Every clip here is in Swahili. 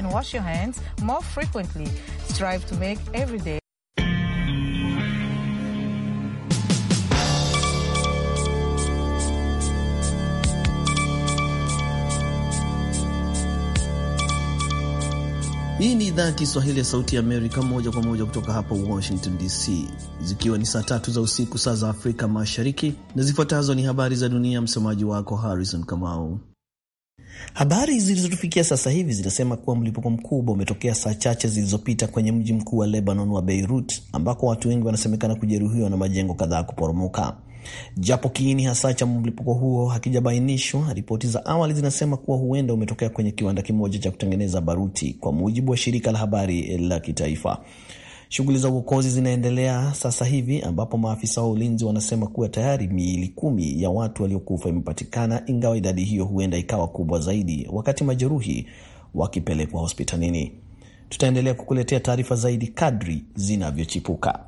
and wash your hands more frequently. Strive to make every day Hii ni idhaa ya Kiswahili ya Sauti ya Amerika, moja kwa moja kutoka hapa Washington DC, zikiwa ni saa tatu za usiku, saa za Afrika Mashariki, na zifuatazo ni habari za dunia. Msemaji wako Harrison Kamau. Habari zilizotufikia sasa hivi zinasema kuwa mlipuko mkubwa umetokea saa chache zilizopita kwenye mji mkuu wa Lebanon wa Beirut, ambako watu wengi wanasemekana kujeruhiwa na majengo kadhaa kuporomoka. Japo kiini hasa cha mlipuko huo hakijabainishwa, ripoti za awali zinasema kuwa huenda umetokea kwenye kiwanda kimoja cha kutengeneza baruti, kwa mujibu wa shirika la habari la kitaifa. Shughuli za uokozi zinaendelea sasa hivi ambapo maafisa wa ulinzi wanasema kuwa tayari miili kumi ya watu waliokufa imepatikana, ingawa idadi hiyo huenda ikawa kubwa zaidi, wakati majeruhi wakipelekwa hospitalini. Tutaendelea kukuletea taarifa zaidi kadri zinavyochipuka.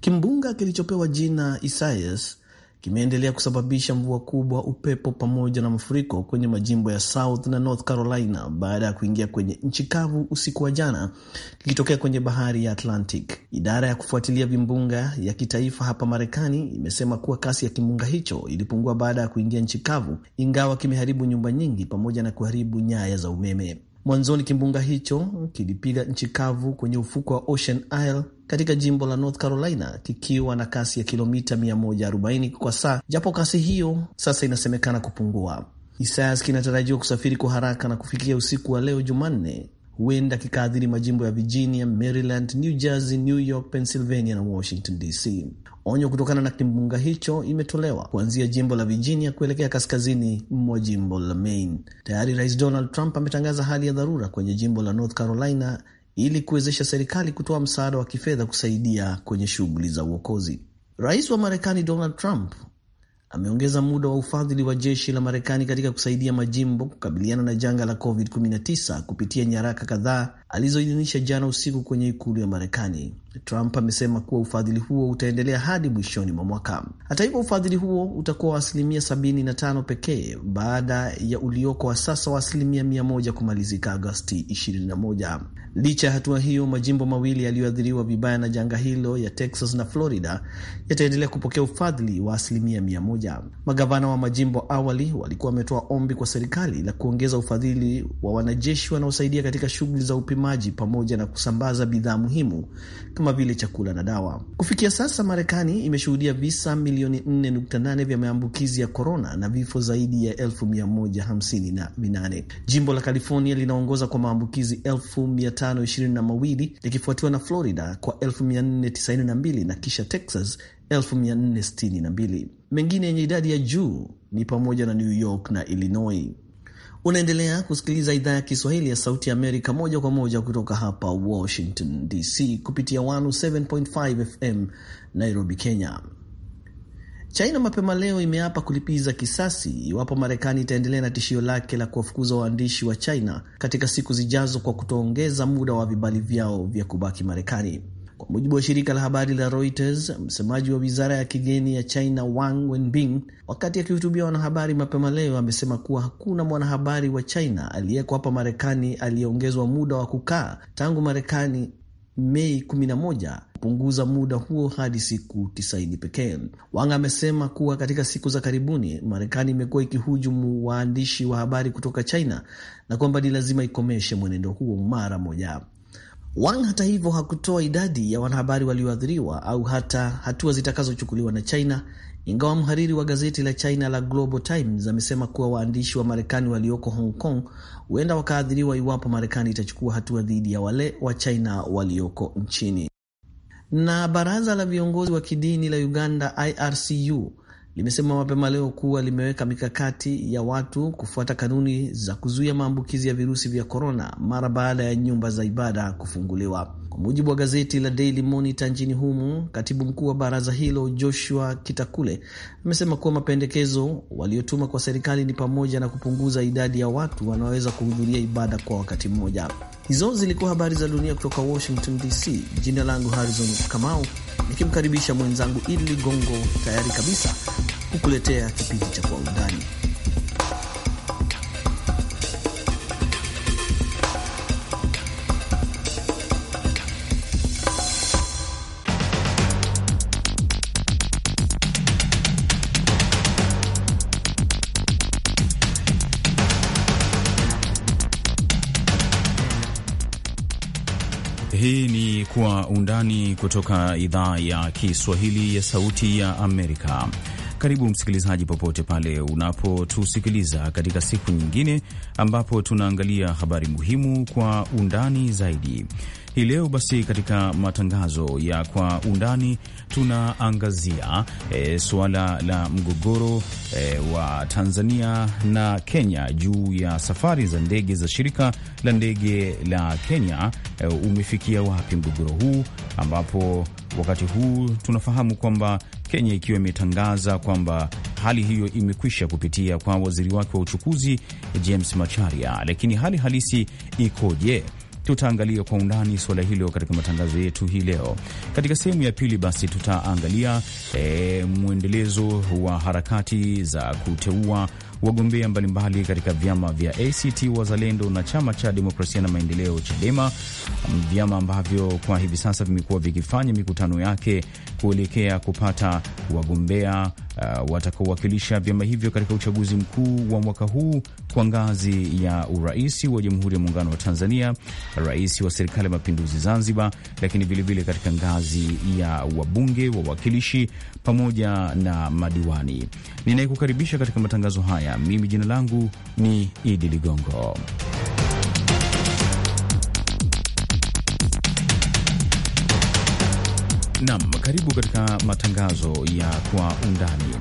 Kimbunga kilichopewa jina Isaias kimeendelea kusababisha mvua kubwa, upepo pamoja na mafuriko kwenye majimbo ya South na North Carolina baada ya kuingia kwenye nchi kavu usiku wa jana kikitokea kwenye bahari ya Atlantic. Idara ya kufuatilia vimbunga ya kitaifa hapa Marekani imesema kuwa kasi ya kimbunga hicho ilipungua baada ya kuingia nchi kavu, ingawa kimeharibu nyumba nyingi pamoja na kuharibu nyaya za umeme. Mwanzoni kimbunga hicho kilipiga nchi kavu kwenye ufuko wa Ocean Isle katika jimbo la North Carolina kikiwa na kasi ya kilomita 140 kwa saa, japo kasi hiyo sasa inasemekana kupungua. Isaias kinatarajiwa kusafiri kwa haraka na kufikia usiku wa leo Jumanne huenda kikaadhiri majimbo ya Virginia, Maryland, New Jersey, New York, Pennsylvania na Washington DC. Onyo kutokana na kimbunga hicho imetolewa kuanzia jimbo la Virginia kuelekea kaskazini mwa jimbo la Maine. Tayari Rais Donald Trump ametangaza hali ya dharura kwenye jimbo la North Carolina ili kuwezesha serikali kutoa msaada wa kifedha kusaidia kwenye shughuli za uokozi. Rais wa Marekani Donald Trump ameongeza muda wa ufadhili wa jeshi la Marekani katika kusaidia majimbo kukabiliana na janga la COVID-19 kupitia nyaraka kadhaa alizoidhinisha jana usiku kwenye ikulu ya Marekani. Trump amesema kuwa ufadhili huo utaendelea hadi mwishoni mwa mwaka. Hata hivyo, ufadhili huo utakuwa wa asilimia 75 pekee baada ya ulioko wa sasa wa asilimia 100 kumalizika Agosti 21. Licha ya hatua hiyo, majimbo mawili yaliyoathiriwa vibaya na janga hilo ya Texas na Florida yataendelea kupokea ufadhili wa asilimia mia moja. Magavana wa majimbo awali walikuwa wametoa ombi kwa serikali la kuongeza ufadhili wa wanajeshi wanaosaidia katika shughuli za upimaji pamoja na kusambaza bidhaa muhimu kama vile chakula na dawa. Kufikia sasa, Marekani imeshuhudia visa milioni 4.8 vya maambukizi ya korona na vifo zaidi ya 158. Jimbo la California linaongoza kwa maambukizi elfu 522 likifuatiwa na Florida kwa 1492 na kisha Texas 1462. Mengine yenye idadi ya juu ni pamoja na New York na Illinois. Unaendelea kusikiliza idhaa ya Kiswahili ya Sauti ya Amerika moja kwa moja kutoka hapa Washington DC kupitia 107.5 FM Nairobi, Kenya. China mapema leo imeapa kulipiza kisasi iwapo Marekani itaendelea na tishio lake la kuwafukuza waandishi wa China katika siku zijazo kwa kutoongeza muda wa vibali vyao vya kubaki Marekani. Kwa mujibu wa shirika la habari la Reuters, msemaji wa wizara ya kigeni ya China Wang Wenbin, wakati akihutubia wanahabari mapema leo, amesema kuwa hakuna mwanahabari wa China aliyeko hapa Marekani aliyeongezwa muda wa kukaa tangu Marekani Mei 11 kupunguza muda huo hadi siku 90 pekee. Wang amesema kuwa katika siku za karibuni Marekani imekuwa ikihujumu waandishi wa habari kutoka China na kwamba ni lazima ikomeshe mwenendo huo mara moja. Wang hata hivyo hakutoa idadi ya wanahabari walioathiriwa au hata hatua zitakazochukuliwa na China, ingawa mhariri wa gazeti la China la Global Times amesema kuwa waandishi wa Marekani walioko Hong Kong huenda wakaathiriwa iwapo Marekani itachukua hatua dhidi ya wale wa China walioko nchini. Na baraza la viongozi wa kidini la Uganda IRCU limesema mapema leo kuwa limeweka mikakati ya watu kufuata kanuni za kuzuia maambukizi ya virusi vya korona mara baada ya nyumba za ibada kufunguliwa. Kwa mujibu wa gazeti la Daily Monitor nchini humo, katibu mkuu wa baraza hilo Joshua Kitakule amesema kuwa mapendekezo waliotuma kwa serikali ni pamoja na kupunguza idadi ya watu wanaoweza kuhudhuria ibada kwa wakati mmoja. Hizo zilikuwa habari za dunia kutoka Washington DC. Jina langu Harrison Kamau, nikimkaribisha mwenzangu Idi Ligongo tayari kabisa kukuletea kipindi cha Kwa Undani. Hii ni Kwa Undani kutoka idhaa ya Kiswahili ya Sauti ya Amerika. Karibu msikilizaji, popote pale unapotusikiliza katika siku nyingine ambapo tunaangalia habari muhimu kwa undani zaidi. Hii leo basi katika matangazo ya kwa undani tunaangazia e, suala la mgogoro e, wa Tanzania na Kenya juu ya safari za ndege za shirika la ndege la Kenya. E, umefikia wapi mgogoro huu ambapo wakati huu tunafahamu kwamba Kenya ikiwa imetangaza kwamba hali hiyo imekwisha kupitia kwa waziri wake wa uchukuzi James Macharia, lakini hali halisi ikoje? Tutaangalia kwa undani suala hilo katika matangazo yetu hii leo. Katika sehemu ya pili, basi tutaangalia e, mwendelezo wa harakati za kuteua wagombea mbalimbali katika vyama vya ACT Wazalendo na chama cha demokrasia na maendeleo CHADEMA, vyama ambavyo kwa hivi sasa vimekuwa vikifanya mikutano yake kuelekea kupata wagombea uh, watakaowakilisha vyama hivyo katika uchaguzi mkuu wa mwaka huu kwa ngazi ya urais wa Jamhuri ya Muungano wa Tanzania, rais wa Serikali ya Mapinduzi Zanzibar, lakini vilevile katika ngazi ya wabunge, wawakilishi pamoja na madiwani. Ninayekukaribisha katika matangazo haya mimi, jina langu ni Idi Ligongo. Nam, karibu katika matangazo ya kwa undani.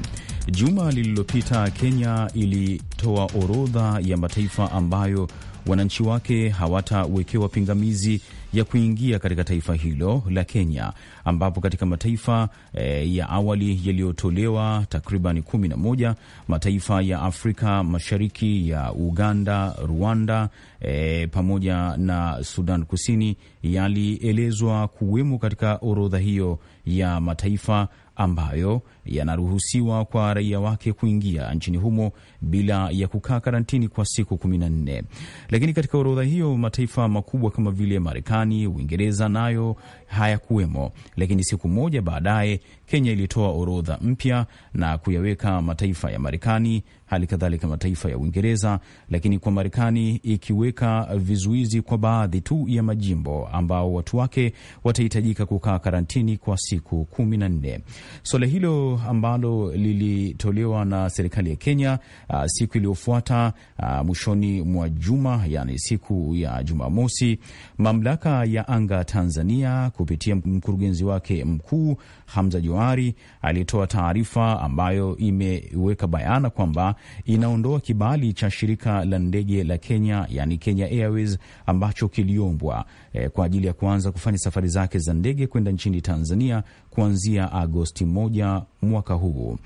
Juma lililopita Kenya ilitoa orodha ya mataifa ambayo wananchi wake hawatawekewa pingamizi ya kuingia katika taifa hilo la Kenya, ambapo katika mataifa e, ya awali yaliyotolewa takriban kumi na moja mataifa ya Afrika Mashariki ya Uganda, Rwanda e, pamoja na Sudan Kusini yalielezwa kuwemo katika orodha hiyo ya mataifa ambayo yanaruhusiwa kwa raia wake kuingia nchini humo bila ya kukaa karantini kwa siku kumi na nne. Lakini katika orodha hiyo mataifa makubwa kama vile Marekani, Uingereza nayo hayakuwemo. Lakini siku moja baadaye Kenya ilitoa orodha mpya na kuyaweka mataifa ya Marekani hali kadhalika mataifa ya Uingereza, lakini kwa Marekani ikiweka vizuizi kwa baadhi tu ya majimbo ambao watu wake watahitajika kukaa karantini kwa siku kumi na nne. swala hilo ambalo lilitolewa na serikali ya Kenya a, uh, siku iliyofuata uh, mwishoni mwa juma, yani siku ya Jumamosi, mamlaka ya anga Tanzania kupitia mkurugenzi wake mkuu Hamza Johari alitoa taarifa ambayo imeweka bayana kwamba inaondoa kibali cha shirika la ndege la Kenya, yani Kenya Airways ambacho kiliombwa eh, kwa ajili ya kuanza kufanya safari zake za ndege kwenda nchini Tanzania kuanzia Agosti moja mwaka huu.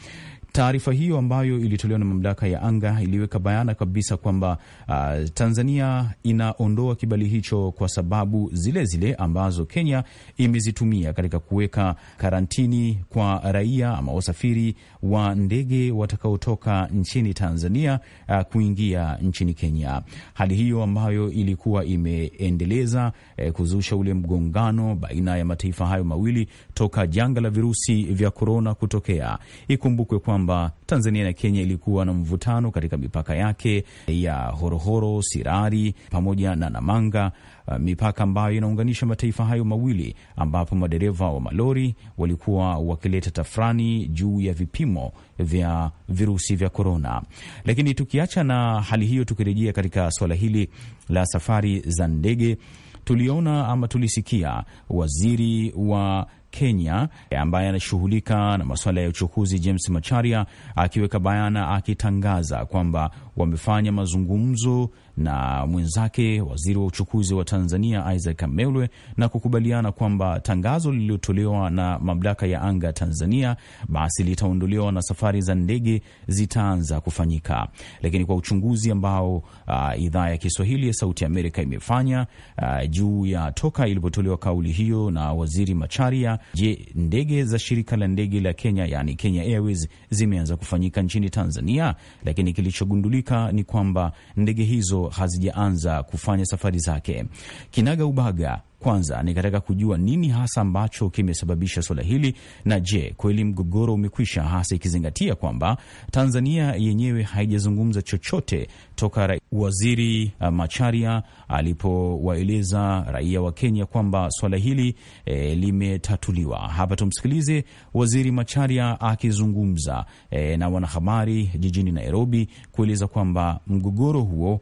Taarifa hiyo ambayo ilitolewa na mamlaka ya anga iliweka bayana kabisa kwamba uh, Tanzania inaondoa kibali hicho kwa sababu zile zile ambazo Kenya imezitumia katika kuweka karantini kwa raia ama wasafiri wa ndege watakaotoka nchini Tanzania uh, kuingia nchini Kenya. Hali hiyo ambayo ilikuwa imeendeleza eh, kuzusha ule mgongano baina ya mataifa hayo mawili toka janga la virusi vya korona kutokea. Ikumbukwe kwa kwamba Tanzania na Kenya ilikuwa na mvutano katika mipaka yake ya Horohoro, Sirari pamoja na Namanga, uh, mipaka ambayo inaunganisha mataifa hayo mawili, ambapo madereva wa malori walikuwa wakileta tafrani juu ya vipimo vya virusi vya korona. Lakini tukiacha na hali hiyo, tukirejea katika suala hili la safari za ndege, tuliona ama tulisikia waziri wa Kenya ambaye anashughulika na masuala ya uchukuzi James Macharia akiweka bayana, akitangaza kwamba wamefanya mazungumzo na mwenzake waziri wa uchukuzi wa Tanzania Isaac Amelwe na kukubaliana kwamba tangazo lililotolewa na mamlaka ya anga Tanzania basi litaondolewa na safari za ndege zitaanza kufanyika. Lakini kwa uchunguzi ambao uh, idhaa ya Kiswahili ya Sauti Amerika imefanya uh, juu ya toka ilipotolewa kauli hiyo na waziri Macharia, je, ndege za shirika la ndege la Kenya yani Kenya Airways zimeanza kufanyika nchini Tanzania? Lakini kilichogundulika ni kwamba ndege hizo hazijaanza kufanya safari zake. Kinaga ubaga kwanza ni katika kujua nini hasa ambacho kimesababisha suala hili, na je, kweli mgogoro umekwisha, hasa ikizingatia kwamba Tanzania yenyewe haijazungumza chochote toka Waziri uh, Macharia alipowaeleza raia wa Kenya kwamba suala hili e, limetatuliwa. Hapa tumsikilize Waziri Macharia akizungumza e, na wanahabari jijini Nairobi kueleza kwamba mgogoro huo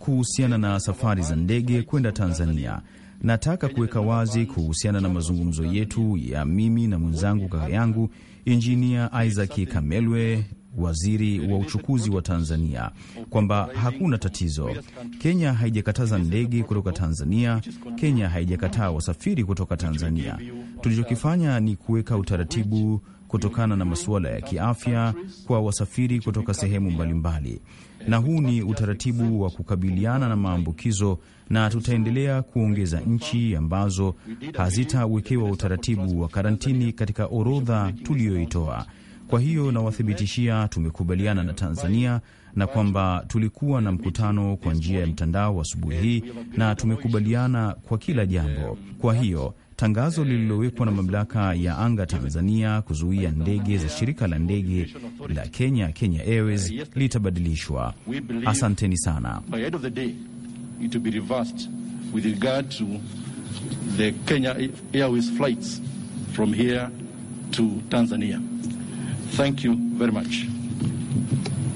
kuhusiana na safari za ndege kwenda Tanzania. Nataka kuweka wazi kuhusiana na mazungumzo yetu ya mimi na mwenzangu kaka yangu Injinia Isaac Kamelwe, waziri wa uchukuzi wa Tanzania, kwamba hakuna tatizo. Kenya haijakataza ndege kutoka Tanzania. Kenya haijakataa wasafiri kutoka Tanzania. Tulichokifanya ni kuweka utaratibu kutokana na masuala ya kiafya kwa wasafiri kutoka sehemu mbalimbali, na huu ni utaratibu wa kukabiliana na maambukizo, na tutaendelea kuongeza nchi ambazo hazitawekewa utaratibu wa karantini katika orodha tuliyoitoa. Kwa hiyo nawathibitishia, tumekubaliana na Tanzania na kwamba tulikuwa na mkutano kwa njia ya mtandao asubuhi hii na tumekubaliana kwa kila jambo. Kwa hiyo Tangazo lililowekwa na mamlaka ya anga Tanzania kuzuia ndege za shirika la ndege la Kenya, Kenya Airways, litabadilishwa. Asanteni sana. Thank you very much.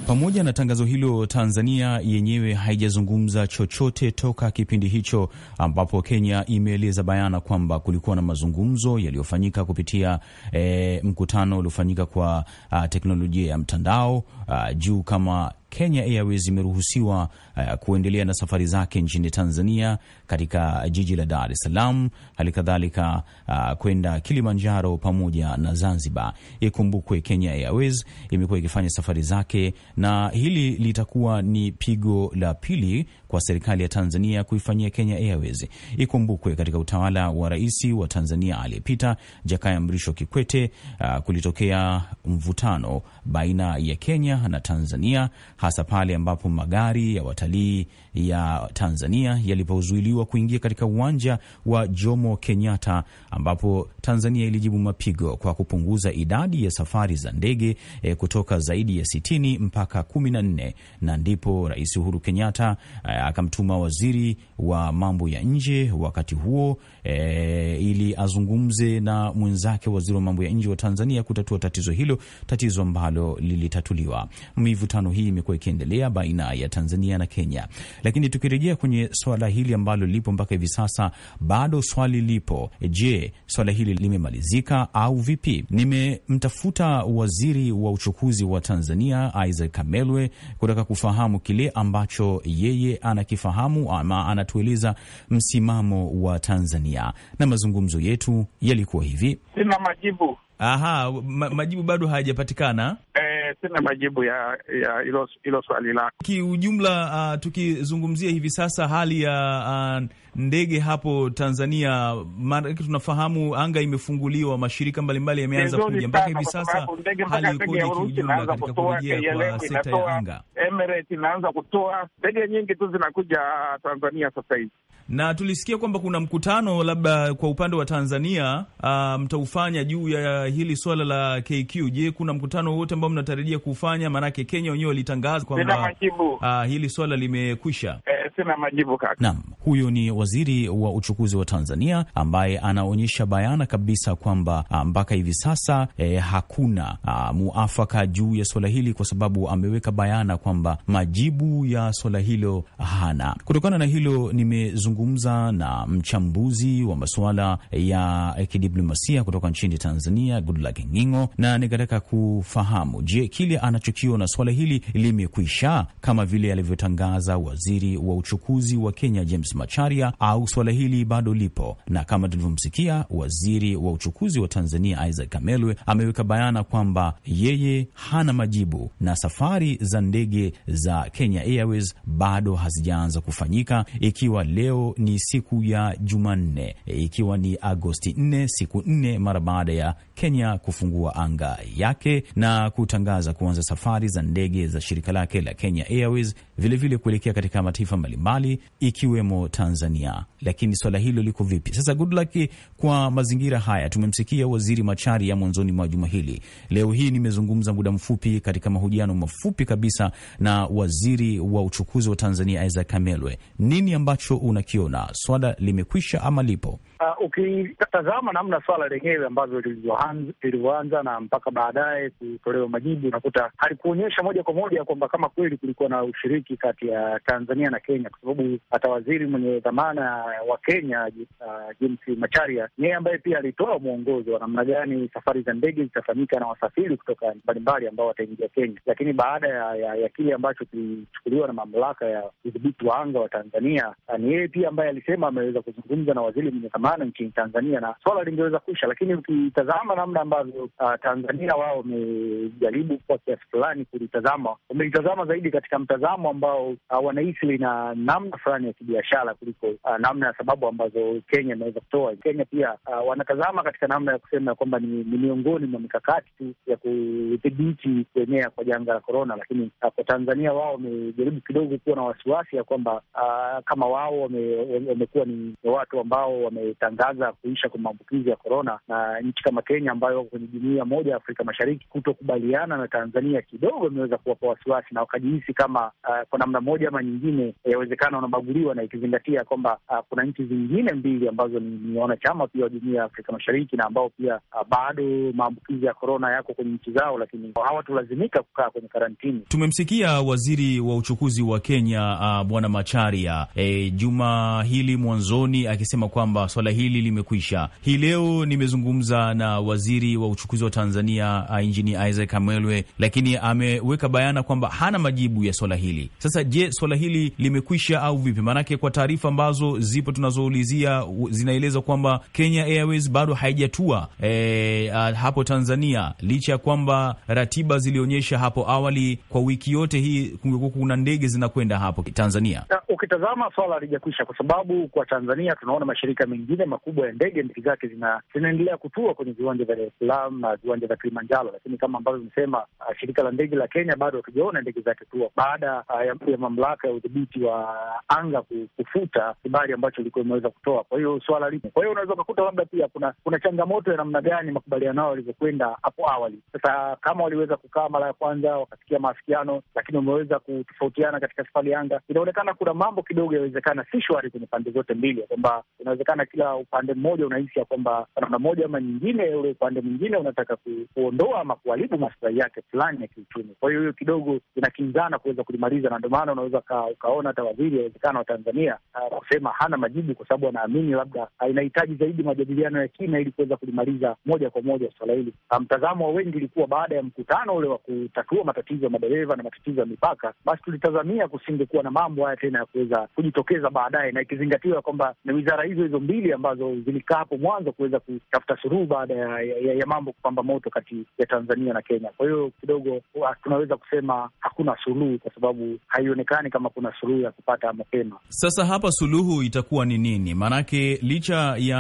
Pamoja na tangazo hilo, Tanzania yenyewe haijazungumza chochote toka kipindi hicho, ambapo Kenya imeeleza bayana kwamba kulikuwa na mazungumzo yaliyofanyika kupitia e, mkutano uliofanyika kwa a, ah, teknolojia ya mtandao a, ah, juu kama Kenya Airways imeruhusiwa uh, kuendelea na safari zake nchini Tanzania katika jiji la Dar es Salaam, hali kadhalika uh, kwenda Kilimanjaro pamoja na Zanzibar. Ikumbukwe Kenya Airways imekuwa ikifanya safari zake, na hili litakuwa ni pigo la pili kwa serikali ya Tanzania kuifanyia Kenya Airways. Ikumbukwe katika utawala wa rais wa Tanzania aliyepita Jakaya Mrisho Kikwete, uh, kulitokea mvutano baina ya Kenya na Tanzania hasa pale ambapo magari ya watalii ya Tanzania yalipozuiliwa kuingia katika uwanja wa Jomo Kenyatta, ambapo Tanzania ilijibu mapigo kwa kupunguza idadi ya safari za ndege e, kutoka zaidi ya sitini mpaka kumi na nne na ndipo Rais Uhuru Kenyatta e, akamtuma waziri wa mambo ya nje wakati huo e, ili azungumze na mwenzake waziri wa mambo ya nje wa Tanzania kutatua tatizo hilo, tatizo ambalo lilitatuliwa. Mivutano hii imekuwa ikiendelea baina ya Tanzania na Kenya. Lakini tukirejea kwenye swala hili ambalo lipo mpaka hivi sasa, bado swali lipo, je, swala hili limemalizika au vipi? Nimemtafuta waziri wa uchukuzi wa Tanzania Isaac Kamelwe kutaka kufahamu kile ambacho yeye anakifahamu ama anatueleza msimamo wa Tanzania, na mazungumzo yetu yalikuwa hivi: sina majibu Aha, ma majibu bado hayajapatikana. Eh, sina majibu ya hilo ya swali lako kiujumla. Uh, tukizungumzia hivi sasa hali ya uh, ndege hapo Tanzania? Maana tunafahamu anga imefunguliwa, mashirika mbalimbali yameanza kuja, mpaka hivi sasa hali ikoje kiujumla katika kurejea kwa sekta ya anga? Emirates inaanza kutoa ndege nyingi tu zinakuja Tanzania sasa hivi, na tulisikia kwamba kuna mkutano labda kwa upande wa Tanzania uh, mtaufanya juu ya hili swala la KQ. Je, kuna mkutano wote ambao mnatarajia kufanya? Maanake Kenya wenyewe walitangaza kwamba uh, hili swala limekwisha. Eh, sina majibu kaka. Naam, huyo ni waziri wa uchukuzi wa Tanzania ambaye anaonyesha bayana kabisa kwamba ah, mpaka hivi sasa e, hakuna a, ah, muafaka juu ya swala hili, kwa sababu ameweka bayana kwamba majibu ya swala hilo hana. Kutokana na hilo, nimezungumza na mchambuzi wa masuala ya kidiplomasia kutoka nchini Tanzania, Goodluck Ngingo, na nikataka kufahamu, je, kile anachokiona na swala hili limekwisha kama vile alivyotangaza waziri wa uchukuzi wa Kenya James Macharia au suala hili bado lipo, na kama tulivyomsikia waziri wa uchukuzi wa Tanzania Isaac Kamelwe ameweka bayana kwamba yeye hana majibu na safari za ndege za Kenya Airways bado hazijaanza kufanyika, ikiwa leo ni siku ya Jumanne, ikiwa ni Agosti 4, siku nne mara baada ya Kenya kufungua anga yake na kutangaza kuanza safari za ndege za shirika lake la Kenya Airways vilevile kuelekea katika mataifa mbalimbali ikiwemo Tanzania. Tanzania, lakini swala hilo liko vipi sasa? Good luck kwa mazingira haya. Tumemsikia Waziri machari ya mwanzoni mwa juma hili. Leo hii nimezungumza muda mfupi katika mahojiano mafupi kabisa na waziri wa uchukuzi wa Tanzania Isaac Kamelwe. Nini ambacho unakiona, swala limekwisha ama lipo? Ah, ukitazama uh, namna swala lenyewe ambavyo lilivyoanza na mpaka baadaye kutolewa majibu, unakuta halikuonyesha moja kwa moja kwamba kama kweli kulikuwa na ushiriki kati ya Tanzania na Kenya, kwa sababu hata waziri mwenye dhamana wa Kenya uh, James Macharia yeye ambaye pia alitoa mwongozo wa namna gani safari za ndege zitafanyika na wasafiri kutoka mbalimbali ambao wataingia Kenya, lakini baada ya, ya, ya kile ambacho kilichukuliwa na mamlaka ya udhibiti wa anga wa Tanzania, ah, ni yeye pia ambaye alisema ameweza kuzungumza na waziri mwenye dhamana sana nchini Tanzania na swala lingeweza kuisha, lakini ukitazama namna ambavyo uh, Tanzania wao wamejaribu kwa kiasi fulani kulitazama, wamelitazama zaidi katika mtazamo ambao uh, wanahisi lina namna fulani ya kibiashara kuliko uh, namna ya sababu ambazo Kenya inaweza kutoa. Kenya pia uh, wanatazama katika namna ya kusema ya kwamba ni, ni miongoni mwa mikakati tu ya kudhibiti kuenea kwa janga la korona, lakini uh, kwa Tanzania wao wamejaribu kidogo kuwa na wasiwasi ya kwamba uh, kama wao wamekuwa wame ni watu ambao wame ametangaza kuisha kwa maambukizi ya korona, na nchi kama Kenya ambayo wako kwenye jumuia moja ya Afrika Mashariki kutokubaliana na Tanzania kidogo imeweza kuwapa wasiwasi na wakajihisi kama uh, kwa namna moja ama nyingine yawezekana wanabaguliwa, na ikizingatia kwamba uh, kuna nchi zingine mbili ambazo ni, ni wanachama pia wa jumuia ya Afrika Mashariki na ambao pia uh, bado maambukizi ya korona yako kwenye nchi zao, lakini hawatulazimika kukaa kwenye karantini. Tumemsikia waziri wa uchukuzi wa Kenya uh, Bwana Macharia e, juma hili mwanzoni akisema kwamba swala swala hili limekwisha. Hii leo nimezungumza na waziri wa uchukuzi wa Tanzania uh, Injini Isaac Amelwe, lakini ameweka bayana kwamba hana majibu ya swala hili. Sasa je, swala hili limekwisha au vipi? Maanake kwa taarifa ambazo zipo tunazoulizia zinaeleza kwamba Kenya Airways bado haijatua e, hapo Tanzania licha ya kwamba ratiba zilionyesha hapo awali kwa wiki yote hii kungekuwa kuna ndege zinakwenda hapo Tanzania. Ukitazama swala halijakwisha, kwa sababu kwa Tanzania tunaona mashirika mengi mengine makubwa ya ndege, ndege zake zina, zinaendelea kutua kwenye viwanja vya Dar es Salaam na viwanja vya Kilimanjaro, lakini kama ambavyo imesema uh, ah, shirika la ndege la Kenya bado hatujaona ndege zake tua baada uh, ya, ya mamlaka ya udhibiti wa anga kufuta kibali ambacho ilikuwa imeweza kutoa. Kwa hiyo swala lipo. Kwa hiyo unaweza ukakuta labda pia kuna kuna changamoto ya namna gani makubaliano hayo yalivyokwenda hapo awali. Sasa kama waliweza kukaa mara ya kwanza wakafikia maafikiano, lakini wameweza kutofautiana katika safari ya anga, inaonekana kuna mambo kidogo yawezekana si shwari kwenye pande zote mbili, kwamba inawezekana kila labda upande mmoja unahisi ya kwamba namna moja ama nyingine, ule upande mwingine unataka ku, kuondoa ama kuharibu maslahi yake fulani ya kiuchumi. Kwa hiyo hiyo kidogo inakinzana kuweza kulimaliza, na ndio maana unaweza ukaona hata waziri awezekana wa Tanzania ah, kusema hana majibu kwa sababu anaamini labda inahitaji zaidi majadiliano ya kina ili kuweza kulimaliza moja kwa moja swala hili. Ah, mtazamo wa wengi ulikuwa baada ya mkutano ule wa kutatua matatizo ya madereva na matatizo ya mipaka, basi tulitazamia kusingekuwa na mambo haya tena ya kuweza kujitokeza baadaye, na ikizingatiwa kwamba ni wizara hizo hizo mbili ambazo zilikaa hapo mwanzo kuweza kutafuta suluhu baada ya, ya, ya mambo kupamba moto kati ya Tanzania na Kenya. Kwa hiyo kidogo tunaweza kusema hakuna suluhu, kwa sababu haionekani kama kuna suluhu ya kupata mapema. Sasa hapa suluhu itakuwa ni nini? Maanake licha ya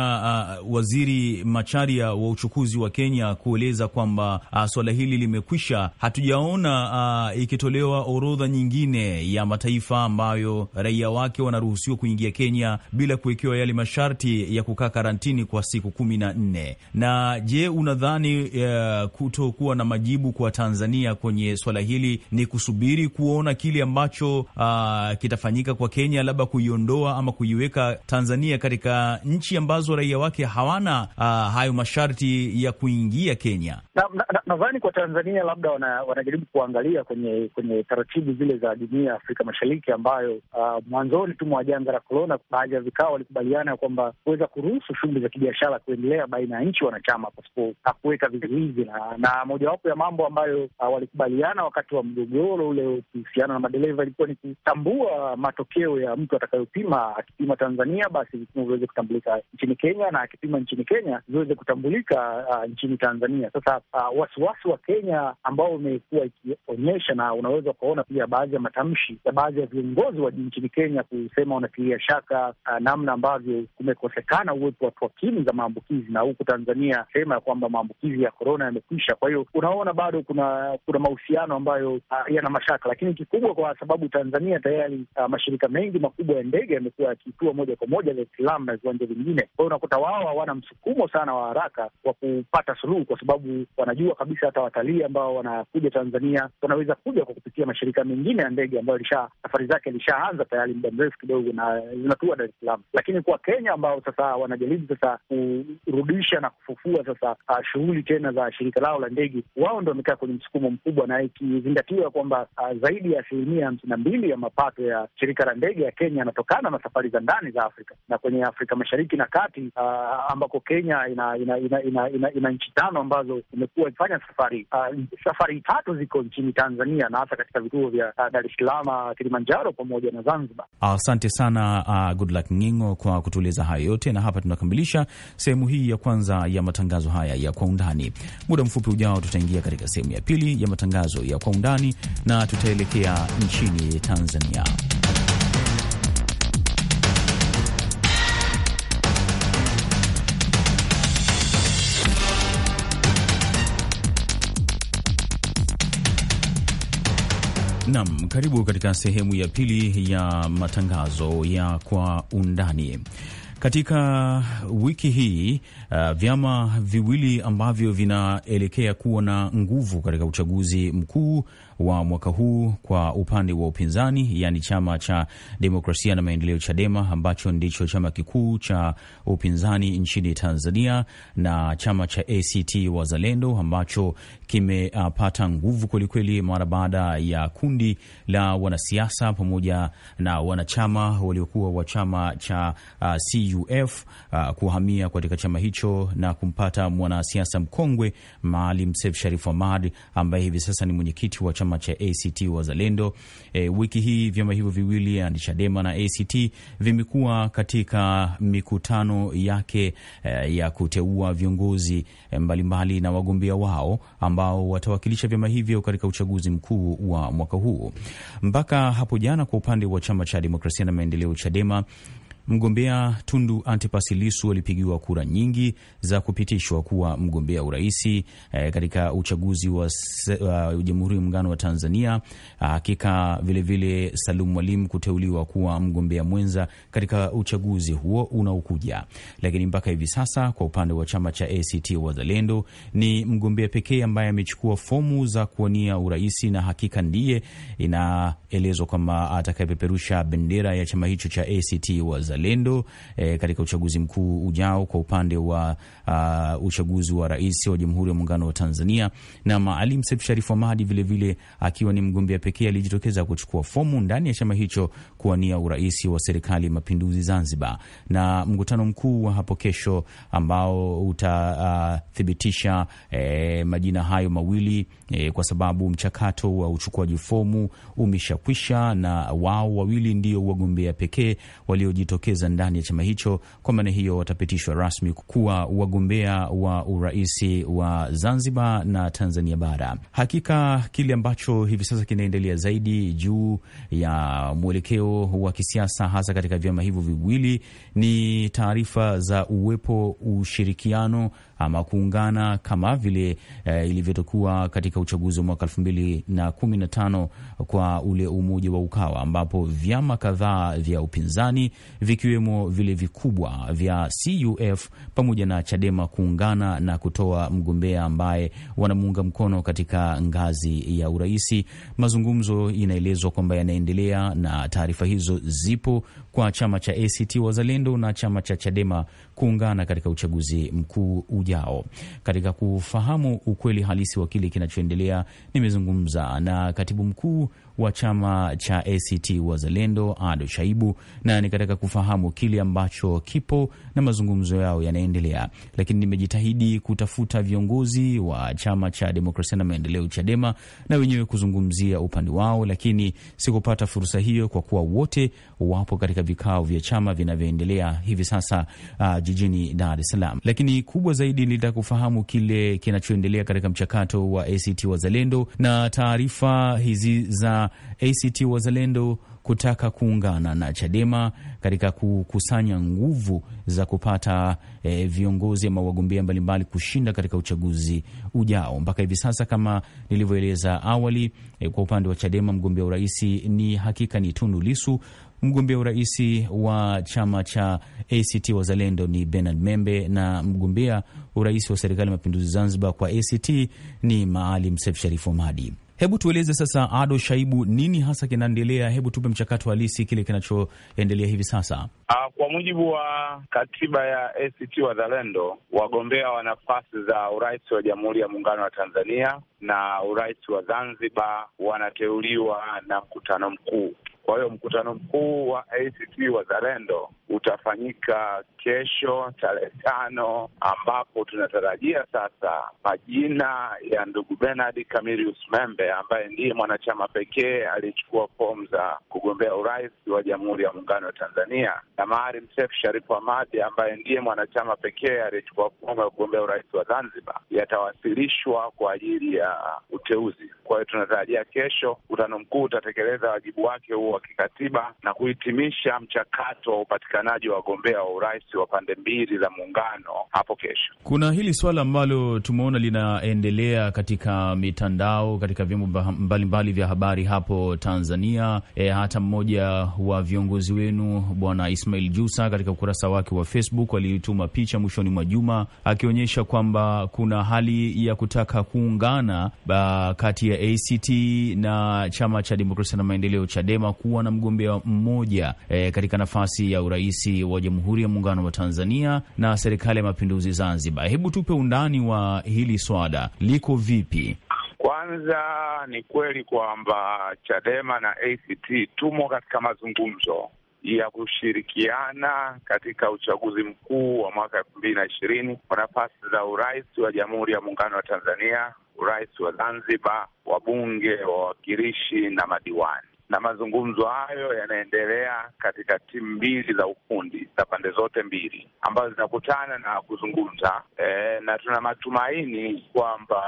uh, waziri Macharia wa uchukuzi wa Kenya kueleza kwamba uh, swala hili limekwisha, hatujaona uh, ikitolewa orodha nyingine ya mataifa ambayo raia wake wanaruhusiwa kuingia Kenya bila kuwekewa yale masharti ya kukaa karantini kwa siku kumi na nne. Na je, unadhani uh, kutokuwa na majibu kwa Tanzania kwenye swala hili ni kusubiri kuona kile ambacho uh, kitafanyika kwa Kenya, labda kuiondoa ama kuiweka Tanzania katika nchi ambazo raia wake hawana uh, hayo masharti ya kuingia Kenya? Nadhani na, na, na kwa Tanzania labda wana, wanajaribu kuangalia kwenye kwenye taratibu zile za jumuiya ya Afrika Mashariki ambayo uh, mwanzoni tu mwa janga la korona, baadhi ya vikao walikubaliana kwamba kuweza kuruhusu shughuli za kibiashara kuendelea baina ya nchi wanachama pasipo na kuweka vizuizi, na na mojawapo ya mambo ambayo uh, walikubaliana wakati wa mgogoro ule kuhusiana na madereva ilikuwa ni kutambua matokeo ya mtu atakayopima. Akipima Tanzania, basi vipimo viweze kutambulika nchini Kenya, na akipima nchini Kenya viweze kutambulika uh, nchini Tanzania. Sasa uh, wasiwasi wa Kenya ambao umekuwa ikionyesha, na unaweza ukaona pia baadhi ya matamshi ya baadhi ya viongozi wa nchini Kenya kusema wanatilia shaka uh, namna ambavyo kumekosa kuonekana uwepo wa takwimu za maambukizi, na huku Tanzania sema ya kwamba maambukizi ya korona yamekwisha. Kwa hiyo unaona bado kuna kuna mahusiano ambayo ah, yana mashaka, lakini kikubwa kwa sababu Tanzania tayari ah, mashirika mengi makubwa ya ndege yamekuwa yakitua moja kwa moja Dar es Salaam na viwanja vingine. Kwa hiyo unakuta wao hawana msukumo sana wa haraka wa kupata suluhu, kwa sababu wanajua kabisa hata watalii ambao wanakuja Tanzania wanaweza kuja kwa kupitia mashirika mengine ya ndege ambayo safari zake ilishaanza tayari muda mrefu kidogo na zinatua Dar es Salaam, lakini kwa Kenya ambao sasa wanajaribu sasa kurudisha na kufufua sasa uh, shughuli tena za shirika lao la ndege. Wao ndo wamekaa kwenye msukumo mkubwa, na ikizingatiwa kwamba uh, zaidi ya asilimia hamsini na mbili ya mapato ya shirika la ndege ya Kenya yanatokana na safari za ndani za Afrika na kwenye Afrika Mashariki na Kati, uh, ambako Kenya ina ina ina, ina, ina, ina nchi tano ambazo imekuwa ikifanya safari uh, safari tatu ziko nchini Tanzania na hasa katika vituo vya uh, Dar es Salaam, Kilimanjaro pamoja na Zanzibar. Asante sana uh, Goodluck Ngingo kwa kutueleza hayo yote, na hapa tunakamilisha sehemu hii ya kwanza ya matangazo haya ya kwa undani. Muda mfupi ujao, tutaingia katika sehemu ya pili ya matangazo ya kwa undani na tutaelekea nchini Tanzania. Nam, karibu katika sehemu ya pili ya matangazo ya kwa undani. Katika wiki hii uh, vyama viwili ambavyo vinaelekea kuwa na nguvu katika uchaguzi mkuu wa mwaka huu kwa upande wa upinzani, yani chama cha demokrasia na maendeleo Chadema, ambacho ndicho chama kikuu cha upinzani nchini Tanzania, na chama cha ACT Wazalendo ambacho kimepata uh, nguvu kwelikweli mara baada ya kundi la wanasiasa pamoja na wanachama waliokuwa wa chama cha uh, CUF uh, kuhamia katika chama hicho na kumpata mwanasiasa mkongwe Maalim Seif Sharif Hamad ambaye hivi sasa ni mwenyekiti wa chama chama cha ACT Wazalendo. E, wiki hii vyama hivyo viwili yani Chadema na ACT vimekuwa katika mikutano yake e, ya kuteua viongozi e, mbalimbali mbali na wagombea wao ambao watawakilisha vyama hivyo katika uchaguzi mkuu wa mwaka huu. Mpaka hapo jana, kwa upande wa chama cha demokrasia na maendeleo Chadema Mgombea Tundu Antipas Lissu alipigiwa kura nyingi za kupitishwa kuwa mgombea uraisi e, eh, katika uchaguzi wa uh, Jamhuri ya Muungano wa Tanzania. Ah, hakika uh, vilevile Salum Mwalimu kuteuliwa kuwa mgombea mwenza katika uchaguzi huo unaokuja. Lakini mpaka hivi sasa kwa upande wa chama cha ACT Wazalendo ni mgombea pekee ambaye amechukua fomu za kuwania uraisi, na hakika ndiye inaelezwa kwamba atakayepeperusha bendera ya chama hicho cha ACT Wazalendo uzalendo e, eh, katika uchaguzi mkuu ujao kwa upande wa uh, uchaguzi wa rais wa Jamhuri ya Muungano wa Tanzania. Na Maalim Seif Sharif Hamad vilevile akiwa ni mgombea pekee alijitokeza kuchukua fomu ndani ya chama hicho kuwania urais wa serikali ya mapinduzi Zanzibar, na mkutano mkuu wa hapo kesho ambao utathibitisha uh, eh, majina hayo mawili eh, kwa sababu mchakato wa uchukuaji fomu umeshakwisha na wao wawili ndio wagombea pekee waliojitokeza kujitokeza ndani ya chama hicho. Kwa maana hiyo, watapitishwa rasmi kuwa wagombea wa uraisi wa Zanzibar na Tanzania Bara. Hakika kile ambacho hivi sasa kinaendelea zaidi juu ya mwelekeo wa kisiasa, hasa katika vyama hivyo viwili, ni taarifa za uwepo ushirikiano ama kuungana kama vile eh, ilivyotokuwa katika uchaguzi wa mwaka elfu mbili na kumi na tano kwa ule umoja wa Ukawa, ambapo vyama kadhaa vya upinzani vikiwemo vile vikubwa vya CUF pamoja na Chadema kuungana na kutoa mgombea ambaye wanamuunga mkono katika ngazi ya uraisi. Mazungumzo inaelezwa kwamba yanaendelea na taarifa hizo zipo kwa chama cha ACT Wazalendo na chama cha Chadema kuungana katika uchaguzi mkuu ujao. Katika kufahamu ukweli halisi wa kile kinachoendelea, nimezungumza na katibu mkuu wa chama cha ACT Wazalendo Ado Shaibu, na nikataka kufahamu kile ambacho kipo na mazungumzo yao yanaendelea, lakini nimejitahidi kutafuta viongozi wa chama cha Demokrasia na Maendeleo Chadema na wenyewe kuzungumzia upande wao, lakini sikupata fursa hiyo kwa kuwa wote wapo katika vikao vya chama vinavyoendelea hivi sasa uh, jijini Dar es Salaam. Lakini kubwa zaidi nilitaka kufahamu kile kinachoendelea katika mchakato wa ACT Wazalendo na taarifa hizi za ACT Wazalendo kutaka kuungana na Chadema katika kukusanya nguvu za kupata e, viongozi ama wagombea mbalimbali kushinda katika uchaguzi ujao. Mpaka hivi sasa kama nilivyoeleza awali e, kwa upande wa Chadema mgombea urais ni hakika ni Tundu Lisu. Mgombea urais wa chama cha ACT Wazalendo ni Bernard Membe, na mgombea urais wa serikali ya mapinduzi Zanzibar kwa ACT ni Maalim Seif Sharif Hamad. Hebu tueleze sasa, Ado Shaibu, nini hasa kinaendelea? Hebu tupe mchakato halisi kile kinachoendelea hivi sasa. Aa, ah, kwa mujibu wa katiba ya ACT Wazalendo, wagombea wa nafasi za urais wa Jamhuri ya Muungano wa Tanzania na urais wa Zanzibar wanateuliwa na mkutano mkuu kwa hiyo mkutano mkuu wa ACT Wazalendo utafanyika kesho tarehe tano, ambapo tunatarajia sasa majina ya ndugu Bernard Kamilius Membe ambaye ndiye mwanachama pekee aliyechukua fomu za kugombea urais wa Jamhuri ya Muungano wa Tanzania na Maalim Seif Sharif Hamad ambaye ndiye mwanachama pekee aliyechukua fomu ya kugombea urais wa Zanzibar yatawasilishwa kwa ajili ya uteuzi. Kwa hiyo tunatarajia kesho mkutano mkuu utatekeleza wajibu wake huo wa kikatiba na kuhitimisha mchakato wa upatikanaji wa wagombea wa urais wa pande mbili za muungano hapo kesho. Kuna hili swala ambalo tumeona linaendelea katika mitandao, katika vyombo mbalimbali vya habari hapo Tanzania. E, hata mmoja wa viongozi wenu Bwana Ismail Jusa katika ukurasa wake wa Facebook alituma picha mwishoni mwa juma akionyesha kwamba kuna hali ya kutaka kuungana kati ya ACT na chama cha demokrasia na maendeleo CHADEMA kuwa na mgombea mmoja e, katika nafasi ya urais wa Jamhuri ya Muungano wa Tanzania na Serikali ya Mapinduzi Zanzibar. Hebu tupe undani wa hili swala, liko vipi? Kwanza ni kweli kwamba Chadema na ACT tumo katika mazungumzo ya kushirikiana katika uchaguzi mkuu wa mwaka elfu mbili na ishirini kwa nafasi za urais wa Jamhuri ya Muungano wa Tanzania, urais wa Zanzibar, wabunge, wawakilishi na madiwani na mazungumzo hayo yanaendelea katika timu mbili za ufundi za pande zote mbili ambazo zinakutana na kuzungumza e, na tuna matumaini kwamba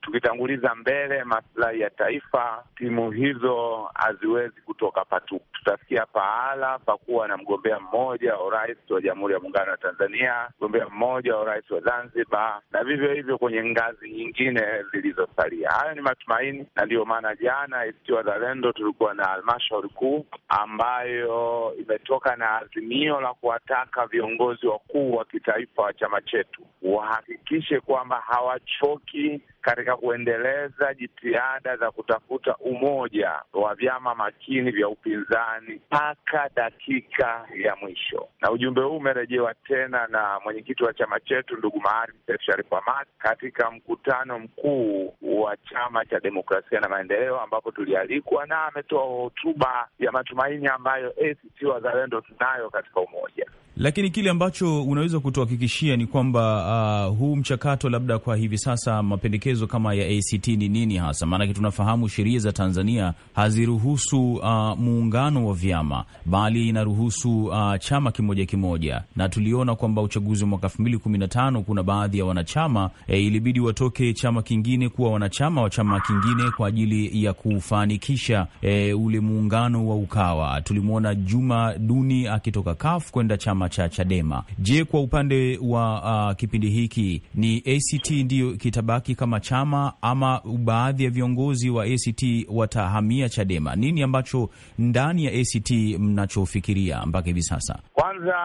tukitanguliza mbele maslahi ya taifa, timu hizo haziwezi kutoka patu. Tutafikia pahala pakuwa na mgombea mmoja wa urais wa Jamhuri ya Muungano wa Tanzania, mgombea mmoja wa urais wa Zanzibar, na vivyo hivyo kwenye ngazi nyingine zilizosalia. Hayo ni matumaini, na ndiyo maana jana ACT Wazalendo tulikuwa na halmashauri kuu ambayo imetoka na azimio la kuwataka viongozi wakuu wa kitaifa wa chama chetu wahakikishe kwamba hawachoki katika kuendeleza jitihada za kutafuta umoja wa vyama makini vya upinzani mpaka dakika ya mwisho. Na ujumbe huu umerejewa tena na mwenyekiti wa chama chetu ndugu Maalim Seif Sharif Hamad katika mkutano mkuu wa Chama cha Demokrasia na Maendeleo, ambapo tulialikwa na ametoa hotuba ya matumaini ambayo ACT Wazalendo tunayo katika umoja lakini kile ambacho unaweza kutuhakikishia ni kwamba uh, huu mchakato labda kwa hivi sasa, mapendekezo kama ya ACT ni nini hasa? Maanake tunafahamu sheria za Tanzania haziruhusu uh, muungano wa vyama, bali inaruhusu uh, chama kimoja kimoja, na tuliona kwamba uchaguzi wa mwaka elfu mbili kumi na tano kuna baadhi ya wanachama e, ilibidi watoke chama kingine kuwa wanachama wa chama kingine kwa ajili ya kufanikisha e, ule muungano wa Ukawa. Tulimwona Juma Duni akitoka KAF kwenda chama chama cha Chadema. Je, kwa upande wa uh, kipindi hiki ni ACT ndiyo kitabaki kama chama ama baadhi ya viongozi wa ACT watahamia Chadema? Nini ambacho ndani ya ACT mnachofikiria mpaka hivi sasa? Kwanza,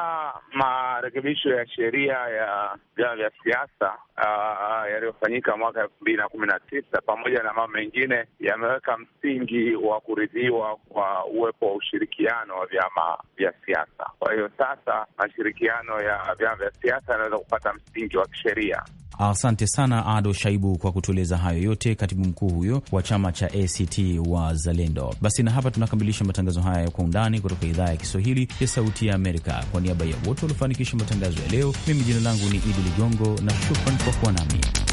marekebisho ya sheria ya vyama vya siasa uh, yaliyofanyika mwaka elfu mbili na kumi na tisa pamoja na mambo mengine yameweka msingi wa kuridhiwa kwa uwepo wa ushirikiano wa vyama vya siasa. Kwa hiyo sasa mashirikiano ya vyama vya siasa yanaweza kupata msingi wa kisheria. Asante sana Ado Shaibu kwa kutueleza hayo yote, katibu mkuu huyo wa chama cha ACT wa Zalendo. Basi na hapa tunakamilisha matangazo haya ya Kwa Undani kutoka idhaa ya Kiswahili ya Sauti ya Amerika. Kwa niaba ya wote waliofanikisha matangazo ya leo, mimi jina langu ni Idi Ligongo na shukran kwa kuwa nami.